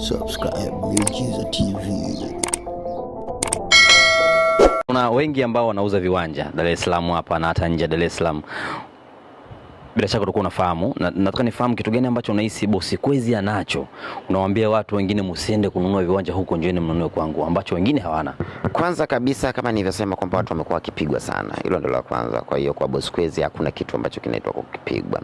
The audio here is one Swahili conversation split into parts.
subscribe Miujiza TV. Kuna wengi ambao wanauza viwanja Dar es Salaam hapa na hata nje ya Dar es Salaam bila shaka utakuwa unafahamu, na nataka nifahamu kitu gani ambacho unahisi bosi Kwezi anacho, unawaambia watu wengine msiende kununua viwanja huko, njoeni mnunue kwangu, ambacho wengine hawana. Kwanza kabisa, kama nilivyosema kwamba watu wamekuwa wakipigwa sana, hilo ndio la kwanza. Kwa hiyo kwa bosi Kwezi hakuna kitu ambacho kinaitwa kukipigwa.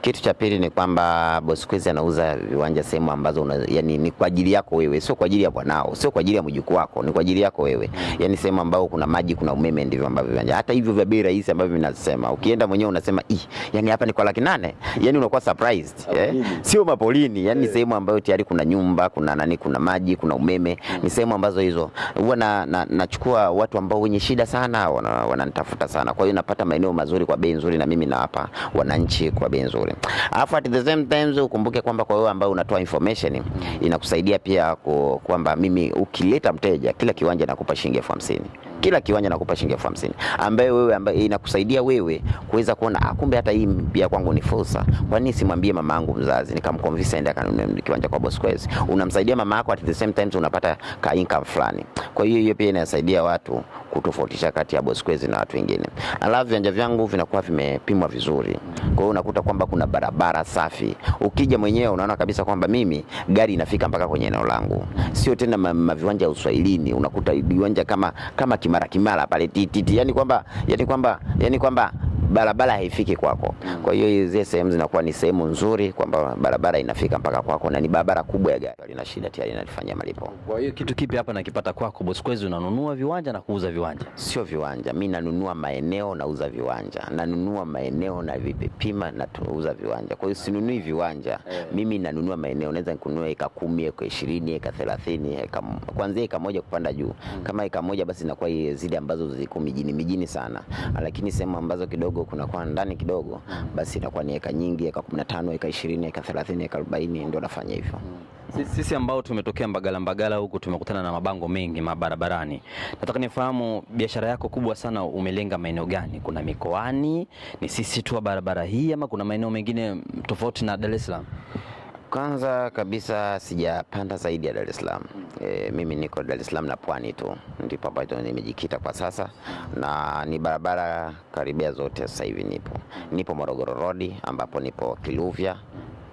Kitu cha pili ni kwamba bosi Kwezi anauza viwanja sehemu ambazo una, yani ni kwa ajili yako wewe, sio kwa ajili ya bwanao, sio kwa ajili ya mjukuu wako, ni kwa ajili yako wewe, yani sehemu ambao kuna maji, kuna umeme, ndivyo ambavyo viwanja, hata hivyo vya bei rahisi ambavyo vinasema, ukienda mwenyewe unasema ih, yani hapa hapa ni kwa laki nane, yani unakuwa surprised eh? Sio mapolini, yani ni eh. sehemu ambayo tayari kuna nyumba, kuna nani, kuna maji, kuna umeme. Hmm. Ni sehemu ambazo hizo huwa na, na, nachukua watu ambao wenye shida sana wananitafuta wana sana, kwa hiyo napata maeneo mazuri kwa bei nzuri, na mimi nawapa wananchi kwa bei nzuri, alafu at the same time ukumbuke kwamba kwa wewe ambao unatoa information hmm. inakusaidia pia kwamba mimi ukileta mteja kila kiwanja nakupa shilingi elfu hamsini kila kiwanja nakupa shilingi elfu hamsini ambaye wewe ambaye inakusaidia wewe kuweza kuona ah, kumbe hata hii mpia kwangu ni fursa. Kwa nini simwambie yangu mzazi nikamconvince aende akanunue kiwanja kwa Bosquez? Unamsaidia mama yako at the same time unapata ka income fulani. Kwa hiyo hiyo pia inasaidia watu kutofautisha kati ya Boskwezi na watu wengine. Alafu viwanja vyangu vinakuwa vimepimwa vizuri, kwa hiyo unakuta kwamba kuna barabara safi. Ukija mwenyewe unaona kabisa kwamba mimi gari inafika mpaka kwenye eneo langu, sio tena maviwanja ya uswahilini. Unakuta viwanja kama kama Kimara Kimara pale tititi, yani kwamba yani kwamba yani kwamba barabara haifiki kwako. Mm. Kwa hiyo hizi sehemu zinakuwa ni sehemu nzuri kwamba barabara inafika mpaka kwako, na ni barabara kubwa ya gari lina shida tayari inalifanyia malipo. Kwa hiyo kitu kipi hapa nakipata kwako boss? Kwezi unanunua viwanja na kuuza viwanja? Sio viwanja, mi nanunua maeneo, nauza viwanja, nanunua maeneo na vipima na tuuza viwanja. Kwa hiyo sinunui viwanja eh. Mimi nanunua maeneo, naweza nikunua eka kumi, eka ishirini, eka thelathini, eka kuanzia eka moja kupanda juu mm. Kama eka moja basi inakuwa zile ambazo ziko mijini mijini sana, mm. lakini sehemu ambazo kidogo kunakuwa ndani kidogo, basi inakuwa ni eka nyingi, eka 15, eka 20, eka 30, eka 40, ndio nafanya hivyo. Sisi ambao tumetokea Mbagala Mbagala huku tumekutana na mabango mengi mabarabarani. Nataka nifahamu biashara yako kubwa sana umelenga maeneo gani? Kuna mikoani, ni sisi tu wa barabara hii ama kuna maeneo mengine tofauti na Dar es Salaam? Kwanza kabisa sijapanda zaidi ya Dar es Salaam. E, mimi niko Dar es Salaam na Pwani tu ndipo ambapo nimejikita kwa sasa, na ni barabara karibia zote. Sasa hivi nipo nipo Morogoro Road ambapo nipo Kiluvya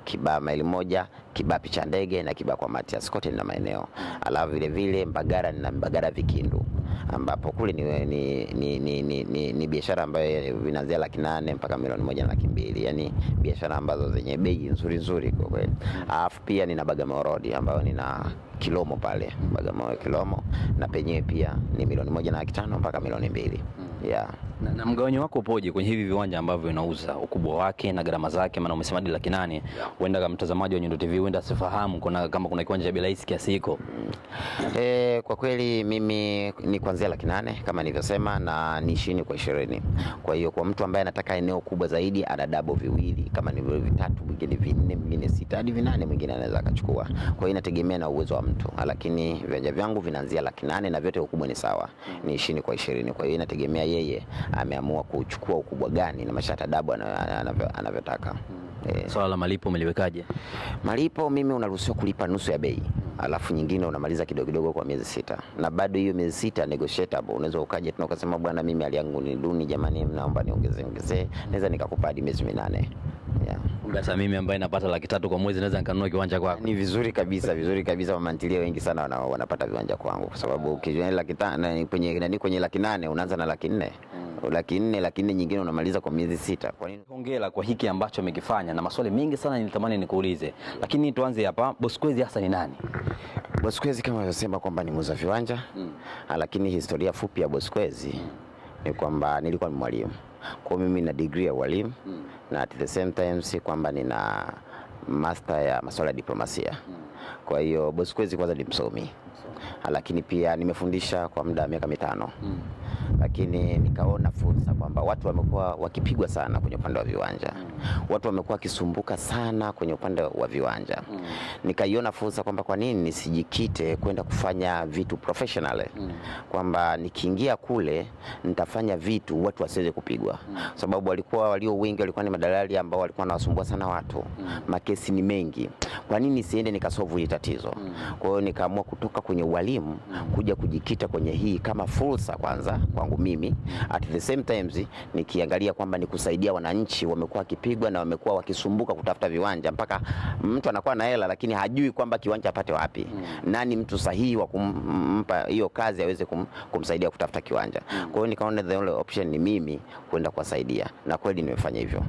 Kibaa maili moja, Kibaa picha ndege na Kibaa kwa Matias, kote nina maeneo alafu vilevile Mbagara nina Mbagara Vikindu ambapo kule ni, ni, ni, ni, ni, ni, ni biashara ambayo vinaanzia laki nane mpaka milioni moja na laki mbili yani biashara ambazo zenye bei nzuri nzuri kwa kweli. Alafu pia nina Bagamoyo Road ambayo nina Kilomo pale Bagamoyo Kilomo, na penyewe pia ni milioni moja na laki tano mpaka milioni mbili yeah. Na, na mgawanyo wako upoje kwenye hivi viwanja ambavyo unauza ukubwa wake na gharama zake? Maana umesema laki nane huenda yeah. Kama mtazamaji wa Nyundo TV huenda asifahamu kuna kama kuna kiwanja cha belaisi kiasi hiko. Mm. E, eh, kwa kweli mimi ni kuanzia laki nane kama nilivyosema, na ni ishirini kwa ishirini. Kwa hiyo kwa mtu ambaye anataka eneo kubwa zaidi ana dabo viwili kama ni vitatu, mwingine vinne, mwingine sita hadi vinane, mwingine anaweza akachukua. Kwa hiyo inategemea na uwezo wa mtu, lakini viwanja vyangu vinaanzia laki nane na vyote ukubwa ni sawa, mm. ni ishirini kwa ishirini. Kwa hiyo inategemea yeye ameamua kuchukua ukubwa gani na masharti adabu anavyotaka. Hmm. Eh. swala la malipo umeliwekaje Malipo mimi unaruhusiwa kulipa nusu ya bei alafu nyingine unamaliza kidogo kidogo kwa miezi sita, na bado hiyo miezi sita negotiable. Unaweza ukaje tena ukasema bwana, mimi hali yangu ni duni, jamani, naomba niongeze ongezee, naweza nikakupa hadi miezi minane yeah. Sasa mimi ambaye napata laki tatu kwa mwezi naweza nikanunua kiwanja kwako? Ni vizuri kabisa, vizuri kabisa. Mama ntilie wengi sana wana, wanapata viwanja kwangu kwa sababu ukijua laki tano kwenye nani, kwenye laki nane unaanza na laki nne mm. laki nne laki nne nyingine unamaliza kwa miezi sita. Kwa nini? Hongera kwa hiki ambacho amekifanya, na maswali mengi sana nilitamani nikuulize, lakini tuanze hapa. Boskwezi hasa ni nani? Boskwezi kama alivyosema kwamba ni muuza viwanja mm. Lakini historia fupi ya Boskwezi mm. ni kwamba nilikuwa ni mwalimu kwa mimi na degree ya walimu mm. na at the same time si kwamba nina master ya masuala ya diplomasia mm. kwa hiyo kwezi kwanza ni msomi lakini pia nimefundisha kwa muda wa miaka mitano mm lakini nikaona fursa kwamba watu wamekuwa wakipigwa sana kwenye upande wa viwanja, watu wamekuwa wakisumbuka sana kwenye upande wa viwanja. Nikaiona fursa kwamba kwa nini nisijikite kwenda kufanya vitu professionally, kwamba nikiingia kule nitafanya vitu watu wasiweze kupigwa, sababu walikuwa walio wengi walikuwa ni madalali ambao walikuwa wanawasumbua sana watu, makesi ni mengi. Kwa nini siende nikasovu hili tatizo? Kwa hiyo nikaamua kutoka kwenye ualimu kuja kujikita kwenye hii kama fursa kwanza kwa kwangu mimi, at the same times nikiangalia kwamba ni kusaidia wananchi, wamekuwa wakipigwa na wamekuwa wakisumbuka kutafuta viwanja, mpaka mtu anakuwa na hela lakini hajui kwamba kiwanja apate wapi. Mm. Nani mtu sahihi wa kumpa hiyo kazi aweze kum, kumsaidia kutafuta kiwanja? Hmm. Kwa hiyo nikaona the only option ni mimi kwenda kuwasaidia, na kweli nimefanya hivyo.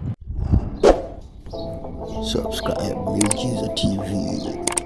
Subscribe Miujiza TV.